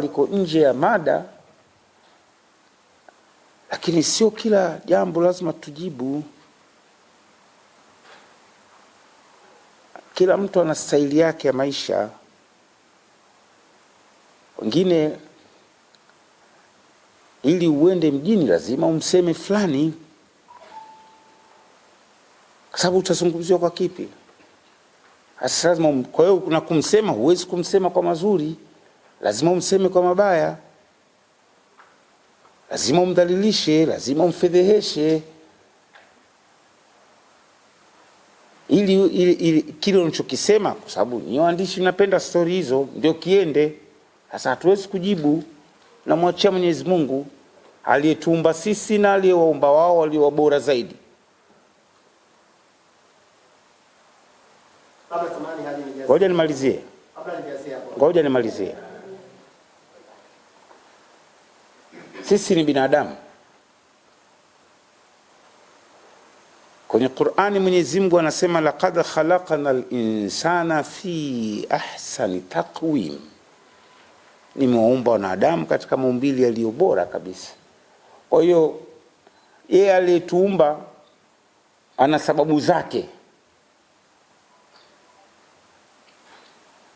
liko nje ya mada, lakini sio kila jambo lazima tujibu. Kila mtu ana staili yake ya maisha. Wengine ili uende mjini lazima umseme fulani, kwa sababu utazungumziwa kwa kipi hasa lazima. Um, kwa hiyo na kumsema, huwezi kumsema kwa mazuri lazima umseme kwa mabaya, lazima umdhalilishe, lazima umfedheheshe ili, ili, ili kile unachokisema, kwa sababu ni waandishi napenda stori hizo, ndio kiende sasa. Hatuwezi kujibu, namwachia Mwenyezi Mungu aliyetuumba sisi na aliyewaumba wao walio bora zaidi. Ngoja nimalizie, ngoja nimalizie. Sisi ni binadamu. Kwenye Qur'ani Mwenyezi anasema laqad khalaqna linsana fi ahsani taqwim, nimewaumba wanadamu katika maumbili yaliyo bora kabisa. Kwa hiyo yeye aliyetuumba ana sababu zake,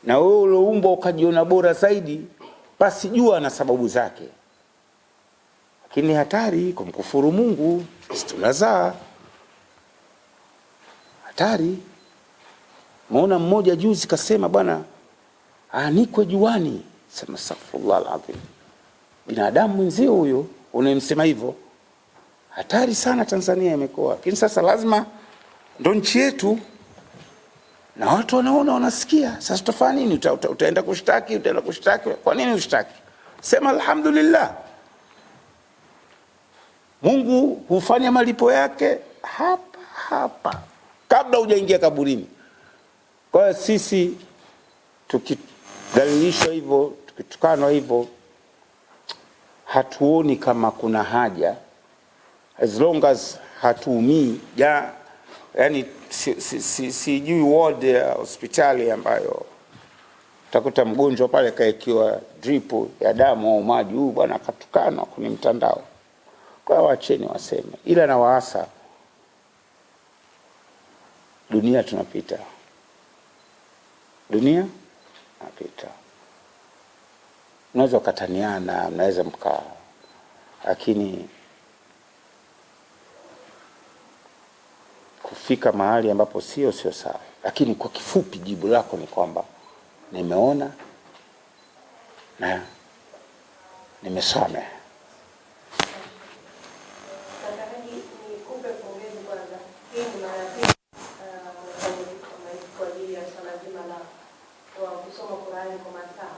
na wewe ulioumba ukajiona bora zaidi, basi jua ana sababu zake lakini hatari kwa mkufuru Mungu, si tunazaa hatari. Maona mmoja juzi kasema bwana anikwe juani, sema astaghfirullah alazim. Binadamu mwenzio huyo unayemsema hivyo, hatari sana. Tanzania imekuwa lakini sasa lazima ndo nchi yetu na watu wanaona wanasikia. Sasa tutafanya nini? Uta, uta, utaenda kushtaki, utaenda kushtaki. Kwa nini ushtaki? Sema alhamdulillah. Mungu hufanya malipo yake hapa hapa kabla hujaingia kaburini. Kwa hiyo sisi tukidhalilishwa hivyo, tukitukanwa hivyo, hatuoni kama kuna haja, as long as hatuumii ya, yani sijui si, si, si, ward ya hospitali ambayo utakuta mgonjwa pale kaekiwa drip ya damu au maji, huyu bwana akatukana kwenye mtandao kwa wacheni waseme, ila na waasa, dunia tunapita, dunia napita. Mnaweza ukataniana, mnaweza mkaa, lakini kufika mahali ambapo sio sio sawa. Lakini kwa kifupi, jibu lako ni kwamba nimeona na nimesome kusoma Qur'ani kwa masaa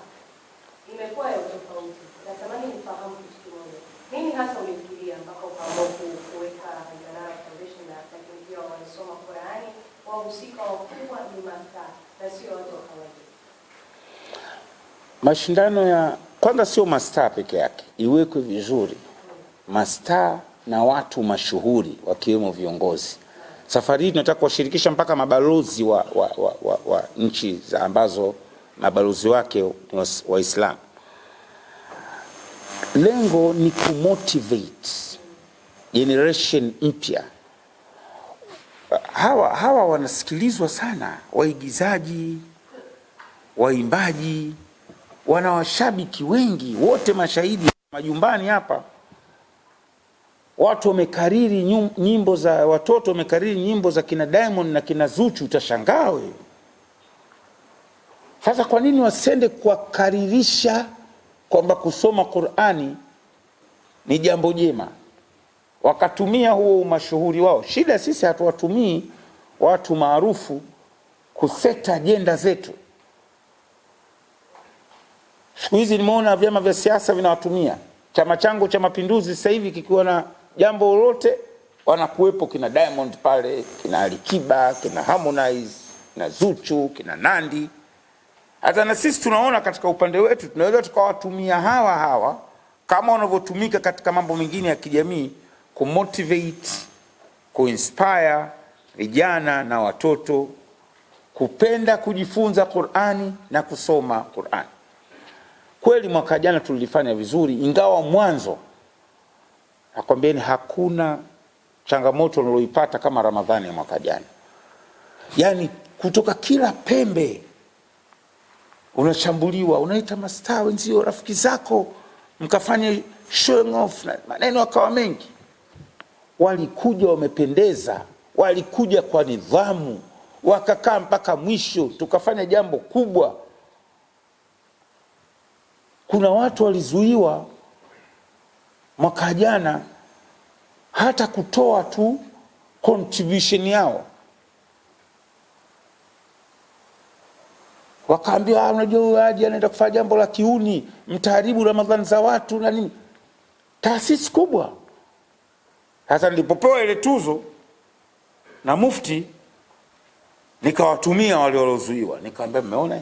imekuwa ya utofauti. Natamani nifahamu kitu kimoja, nini hasa ulifikiria mpaka ukaamua kuweka al Foundation, na lakini pia wanasoma Qur'ani, wahusika wakubwa ni masaa na sio watu wa kawaida? Mashindano ya kwanza sio mastaa peke yake, iwekwe vizuri mastaa na watu mashuhuri wakiwemo viongozi. Safari hii tunataka kuwashirikisha mpaka mabalozi wa, wa, wa, wa, wa nchi za ambazo mabalozi wake ni Waislamu. Lengo ni kumotivate generation mpya. Hawa, hawa wanasikilizwa sana, waigizaji, waimbaji, wana washabiki wengi, wote mashahidi majumbani hapa. Watu wamekariri nyimbo za watoto, wamekariri nyimbo za kina Diamond na kina Zuchu, utashangaa wewe. Sasa kwa nini wasende kuwakaririsha kwamba kusoma Qurani ni jambo jema, wakatumia huo umashuhuri wao? Shida sisi hatuwatumii watu maarufu kuseta ajenda zetu. Siku hizi nimeona vyama vya siasa vinawatumia. Chama changu cha Mapinduzi sasa hivi kikiwa na jambo lolote, wanakuwepo kina Diamond pale, kina Alikiba, kina Harmonize, kina Zuchu, kina Nandi. Hata na sisi tunaona katika upande wetu tunaweza tukawatumia hawa hawa kama wanavyotumika katika mambo mengine ya kijamii, kumotivate, kuinspire vijana na watoto kupenda kujifunza Qur'ani na kusoma Qur'ani. Kweli mwaka jana tulifanya vizuri, ingawa mwanzo nakwambieni hakuna changamoto niloipata kama Ramadhani ya mwaka jana, yaani kutoka kila pembe unachambuliwa, unaita mastaa wenzio, rafiki zako, mkafanye showing off na maneno akawa mengi. Walikuja wamependeza, walikuja kwa nidhamu, wakakaa mpaka mwisho, tukafanya jambo kubwa. Kuna watu walizuiwa mwaka jana hata kutoa tu contribution yao wakaambia ah, unajua aje anaenda kufanya jambo la kiuni, mtaharibu Ramadhani za watu na nini, taasisi kubwa. Sasa nilipopewa ile tuzo na Mufti, nikawatumia wale waliozuiwa, nikaambia, mmeona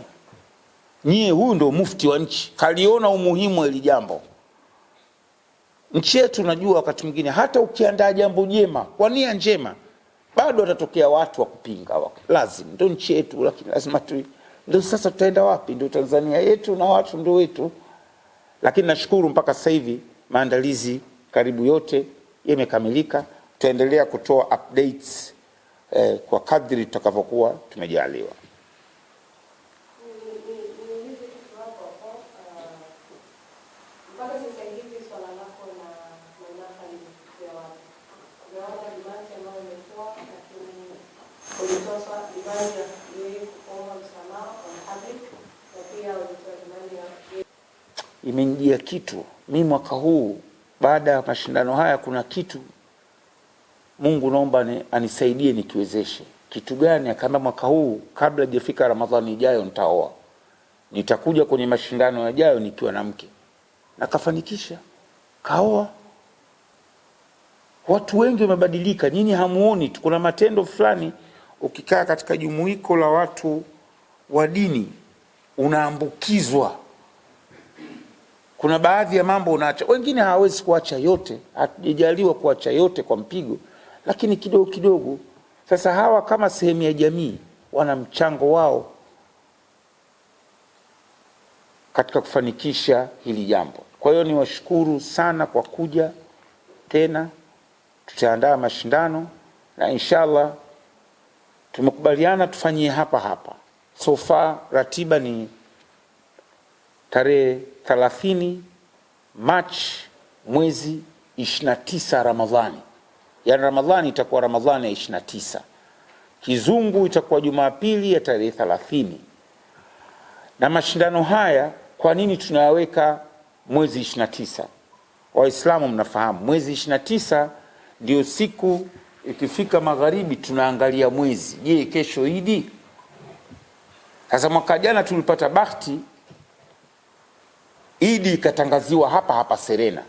nyie, huyu ndio mufti wa nchi, kaliona umuhimu wa hili jambo nchi yetu. Najua wakati mwingine hata ukiandaa jambo jema kwa nia njema, bado watatokea watu wa kupinga. Lazima, ndio nchi yetu, lakini lazima tu ndio sasa tutaenda wapi? Ndio Tanzania yetu na watu ndio wetu. Lakini nashukuru mpaka sasa hivi maandalizi karibu yote yamekamilika. Tutaendelea kutoa updates eh, kwa kadri tutakavyokuwa tumejaliwa. imenijia kitu mi mwaka huu baada ya mashindano haya, kuna kitu Mungu naomba ni, anisaidie nikiwezeshe. Kitu gani? Akaambia mwaka huu kabla hajafika Ramadhani ijayo nitaoa, nitakuja kwenye mashindano yajayo nikiwa na mke. Nakafanikisha, kaoa. Watu wengi wamebadilika, nyinyi hamuoni tu. Kuna matendo fulani ukikaa katika jumuiko la watu wa dini unaambukizwa kuna baadhi ya mambo unaacha, wengine hawawezi kuacha yote, hatujajaliwa kuacha yote kwa mpigo, lakini kidogo kidogo. Sasa hawa kama sehemu ya jamii wana mchango wao katika kufanikisha hili jambo. Kwa hiyo niwashukuru sana kwa kuja tena, tutaandaa mashindano na inshallah tumekubaliana tufanyie hapa hapa. So far ratiba ni tarehe 30 Machi mwezi 29 Ramadhani, yaani Ramadhani itakuwa Ramadhani ya 29, kizungu itakuwa Jumapili ya tarehe 30. Na mashindano haya kwa nini tunayaweka mwezi 29? Waislamu mnafahamu mwezi 29 ndio siku ikifika magharibi tunaangalia mwezi. Je, kesho Idi? Sasa mwaka jana tulipata bahati Idi ikatangaziwa hapa hapa Serena.